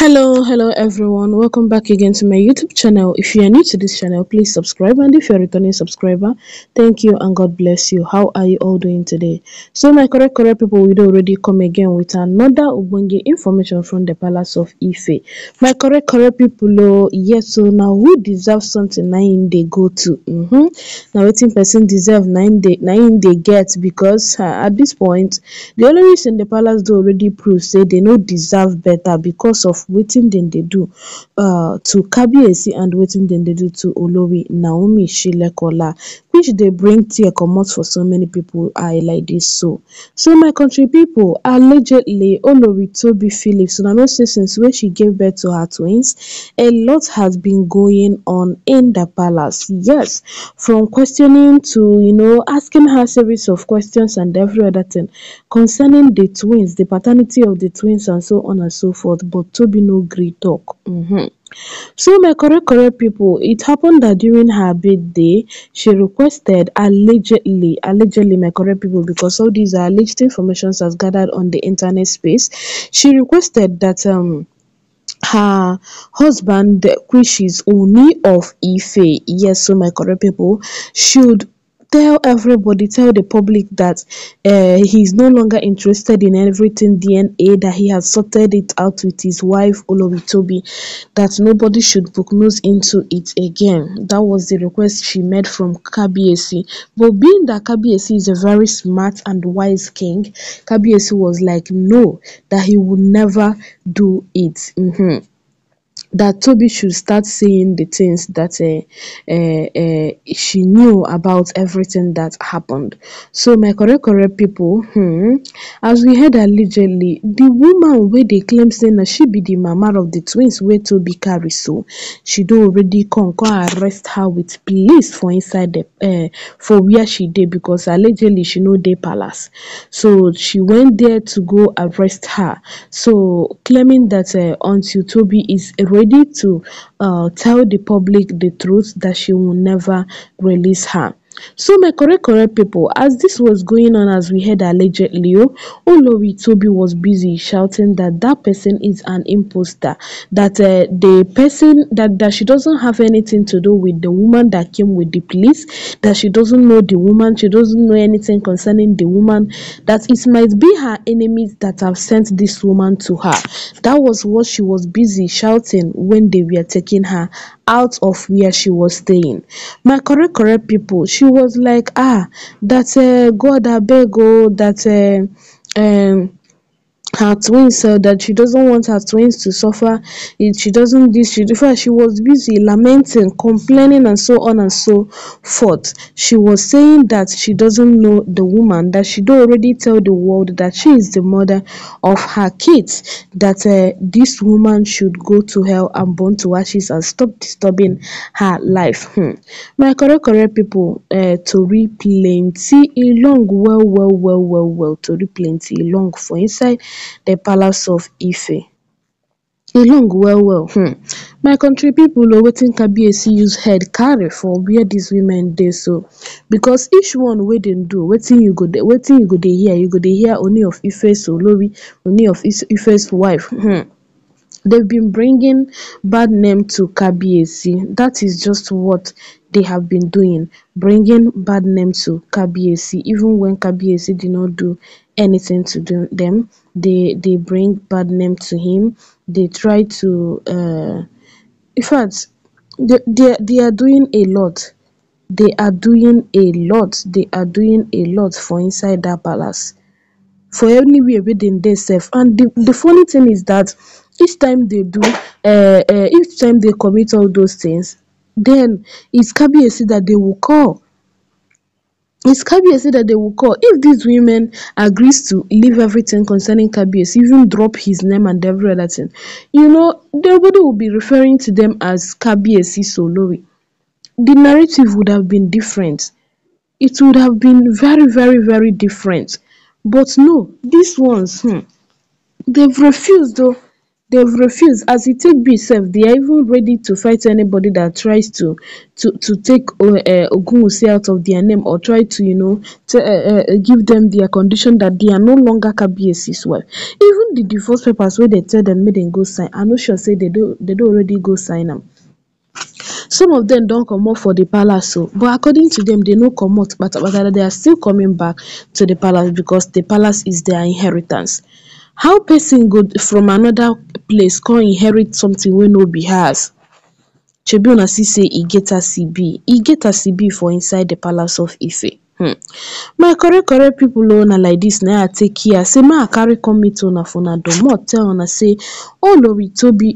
hello hello everyone welcome back again to my youtube channel if you are new to this channel please subscribe and if you're a returning subscriber thank you and god bless you how are you all doing today so my correct correct people we already come again with another ubunge information from the palace of ife my correct correct people oh yes so now who deserves something nine they go to mm -hmm. now 18 person deserve nine they nine they get because uh, at this point the only reason the palace do already prove say they not deserve better because of wetin dem dey do uh, to Kabiyesi and wetin dem dey do to Olori Naomi Shilekola, which dey bring tear comot for so many people. eye like dis so. So my country people, allegedly Olori Tobi Phillips una know say since wey she gave birth to her twins, a lot has been going on in the palace. Yes, from questioning to you know asking her series of questions and every other thing concerning the twins, the paternity of the twins and so on and so forth but Tobi baby no gree talk mm-hmm. so my correct people, it happened that during her birthday she requested allegedly allegedly my correct people because all these are alleged informations as gathered on the internet space she requested that um her husband which is only of ife yes So my correct people should tell everybody, tell the public that uh, he's no longer interested in everything DNA, that he has sorted it out with his wife, Olomitobi, that nobody should book nose into it again. That was the request she made from KBSC. But being that KBSC is a very smart and wise king, KBSC was like, no, that he would never do it. Mm -hmm that Toby should start saying the things that uh, uh, she knew about everything that happened. So my correct correct people, hmm, as we heard allegedly, the woman where they claim saying that she be the mama of the twins where Toby carry so she do already come arrest her with police for inside the uh, for where she did because allegedly she know the palace. So she went there to go arrest her. So claiming that until Toby is erased ready to uh, tell the public the truth that she will never release her so my correct correct people, as this was going on as we heard allegedly, oh, Olori Toby was busy shouting that that person is an imposter, that uh, the person that that she doesn't have anything to do with the woman that came with the police, that she doesn't know the woman, she doesn't know anything concerning the woman, that it might be her enemies that have sent this woman to her. That was what she was busy shouting when they were taking her out of where she was staying. My correct correct people, she was like ah that um god abeg oh that uh, um um her twins, said that she doesn't want her twins to suffer she doesn't this she in she was busy lamenting complaining and so on and so forth she was saying that she doesn't know the woman that she do already tell the world that she is the mother of her kids that uh, this woman should go to hell and burn to ashes and stop disturbing her life hmm. my correct correct people uh, eh, tori plenty long well well well well well to plenty long for inside the palace of Ife. E long well well hmm. My country people waiting to be a use head carry for where these women dey so because each one waiting do waiting you go there, waiting you go there here, you go there here only of Ife olori, only of Ife's wife hmm. They've been bringing bad name to K B A That is just what they have been doing, bringing bad name to K B A C. Even when K B A C did not do anything to do them, they they bring bad name to him. They try to, uh, in fact, they, they they are doing a lot. They are doing a lot. They are doing a lot for inside that palace, for anywhere within themselves. And the, the funny thing is that each time they do eh, eh, each time they commit all those things then it's kábíyèsí that they will call it's kábíyèsí that they will call if these women agrees to leave everything concerning kábíyèsí even drop his name and every other thing you know nobody will be referring to them as kábíyèsí solórì the narrative would have been different it would have been very very very different but no these ones hmm, they've refused though. They've refused, as it take be They are even ready to fight anybody that tries to to to take um ogunwusi out of their name or try to um give them their condition that they are no longer kabiyesi wife even the divorce papers where they tell them, make them go sign i not sure say they do. dey don already go sign them. some of them don't come comot for the palace so. but according to dem dey no but they are still coming back to the palace because the palace is their inheritance how person go from another place come inherit something wey no be hers shebi una see say e get as e be e get as e be for inside the palace of ife um hmm. my correct people o oh, na like this. Now i take hear say make i carry come meet una don't domot tell una say oh,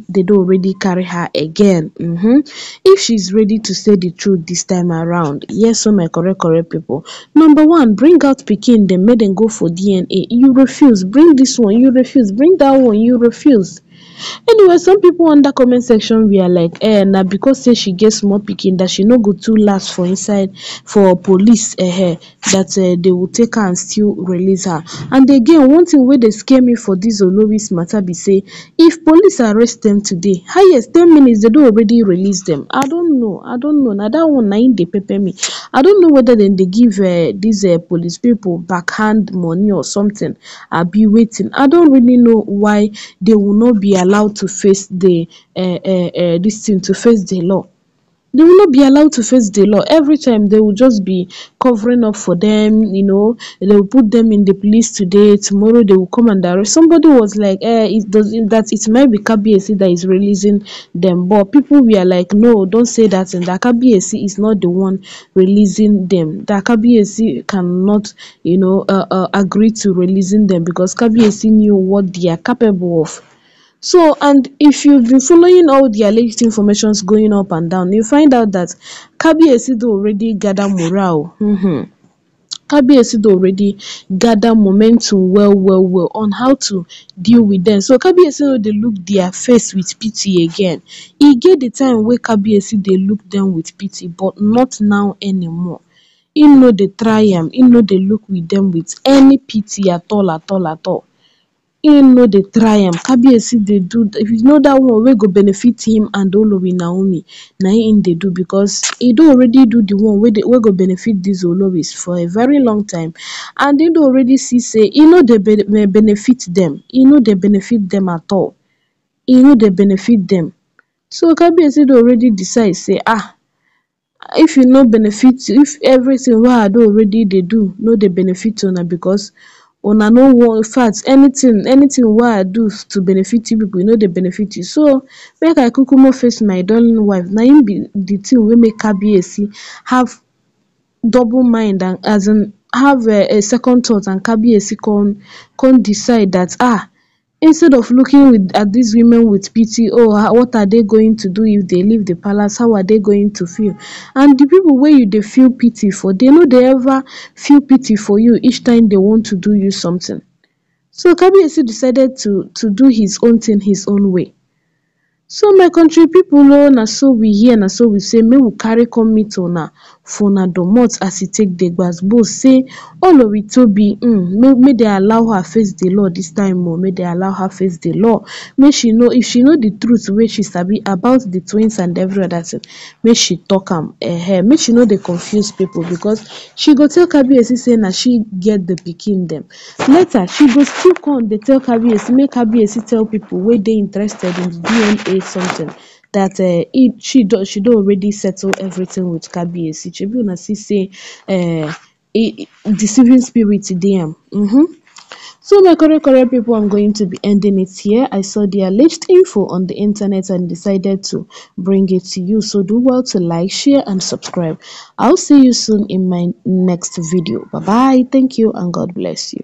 They don't already carry her again um if shes ready to say the truth this time around yes So oh, my correct people. number one bring out pikin the maiden go for dna you refuse bring this one you refuse bring that one you refuse anyway some pipo under comment section wia like eh na because say she gets more picking, that she no go too last for inside for police Eh, eh that um dey go take her and still release her and again one thing where they scare me for this oloris matter be say if police arrest them today highest ten minutes dem don already release them. i don't know i don't know Now that one nine they pepper me i don't know whether then they give um dis um police people backhand money or something. I'll be waiting. i don't really know why they will not be be allowed to face the uh, uh, uh, this thing to face the law they will not be allowed to face the law every time they will just be covering up for them you know they will put them in the police today tomorrow they will come and arrest somebody was like eh it does that it might be kbac that is releasing them but people were like no don't say that and that kbac is not the one releasing them that kbac cannot you know uh, uh, agree to releasing them because kbac knew what they are capable of so, and if you've been following all the alleged informations going up and down, you find out that Kabi Esido already gathered morale. Mm-hmm. Kabi Esido already gathered momentum well, well, well on how to deal with them. So Kabi Esido they look their face with pity again. He get the time where Kabi Esido they look them with pity, but not now anymore. He know they try him, he know they look with them with any pity at all, at all, at all. im no dey try am kabiyesi dey do If you know that one wey go benefit him and olori naomi na im dey do because he don already do the one wey go benefit these oloris for a very long time and he don already see say he no dey benefit them. He no dey benefit them at all He no dey benefit them. so kabiyesi don already decide say ah if you no benefit if everything wey i don already dey do no dey benefit una because una no wan in anything anything wey i do to benefit you people you no dey benefit you so make i kukumo face my darling wife na him be the thing wey make kabiyesi have double mind and as in have a second thought and kabiyesi come come decide that ah instead of looking with, at these women with pity oh what are they going to do if they leave the palace how are they going to feel and the people where you they feel pity for they know they ever feel pity for you each time they want to do you something so kabiyesi decided to to do his own thing his own way so my country people o oh, na so we hear na so we say may we carry come meet una for una domot as he take dey gbasgbos say all of it oloritobi mm, may may they allow her face the law this time or oh, may they allow her face the law may she know if she know the truth where she sabi about the twins and every other thing may she tok am her may she know they confuse people because she go tell kabiyesi say na she get the pikin them later she go still come they tell kabiyesi make kabiyesi tell people where they interested in the dna something that uh, she do, she don't already settle everything with Kabiyesi. Shebi una see say uh, he, deceiving spirit to them. Mm-hmm. So my current correct people, I'm going to be ending it here. I saw the alleged info on the internet and decided to bring it to you. So do well to like, share and subscribe. I'll see you soon in my next video. Bye bye. Thank you and God bless you.